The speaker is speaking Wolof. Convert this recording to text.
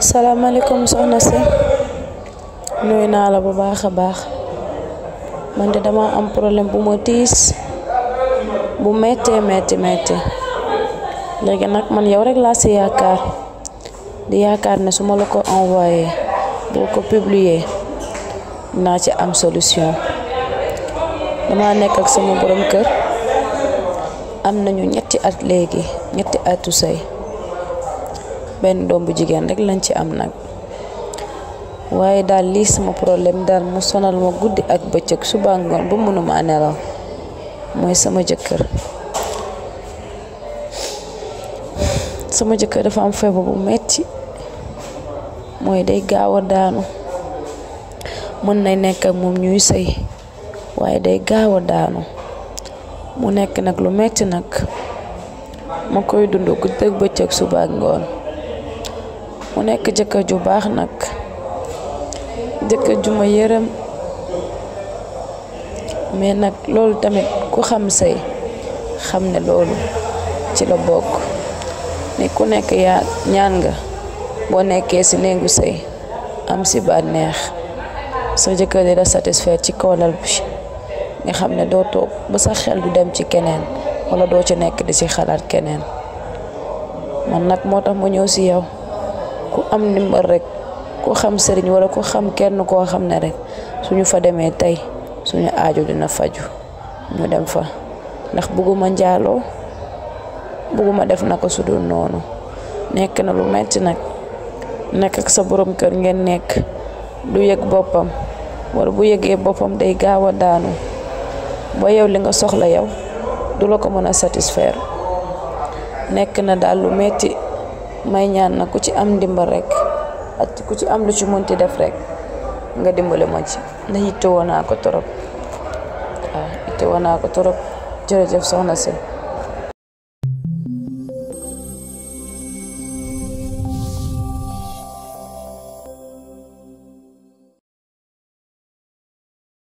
salaamaaleykum soxna si nuyu naa la bu baax a baax man de dama am problème bu ma tiis bu mettee metti metti léegi nag man yow rek laa si yaakaar di yaakaar ne su ma la ko envoyé boo ko publier naa ci am solution dama nekk ak sama borom kër am nañu ñetti at léegi ñetti atu sëy benn doom bu jigéen rek lañ ci am nag waaye daal lii sama problème daal mu sonal ma guddi ak bëccëg suba ngoon mooy sama jëkkër jëkkër dafa am feebar bu metti mooy day gaaw mën na nekk moom ñuy sëy waaye day gaaw a daanu mu nekk nag lu metti nag ma koy dund guddi ak ngoon mu nekk jëkkër ju baax nag jëkkër ju ma yërëm mais nag loolu tamit ku xam sëy xam ne loolu ci la bokk ni ku nekk yaa ñaan nga boo nekkee ci néegu sëy am ci bànneex sa jëkkër ji la satisfaire ci kaw bi nga xam ne doo toog ba sa xel du dem ci keneen wala doo ci nekk di ci xalaat keneen man nag moo tax ma ñëw ci yow ku am ndimbal rek ku xam sëriñ wala ku xam kenn koo xam ne rek suñu fa demee tey suñu aajo dina faju ñu dem fa ndax bëgguma njaaloo bëgguma def na ko su dul noonu nekk na lu metti nag nekk ak sa borom kër ngeen nekk du yëg boppam wala bu yëgee boppam day gaaw a daanu ba yow li nga soxla yow du la ko mën a satisfaire nekk na daal lu metti may ñaan na ku ci am ndimbal rek ak ku ci am lu ci ti def rek nga dimbale ma ci ndax yittewoo naa ko trop waaw yittewoo naa ko trop jërëjëf soxna si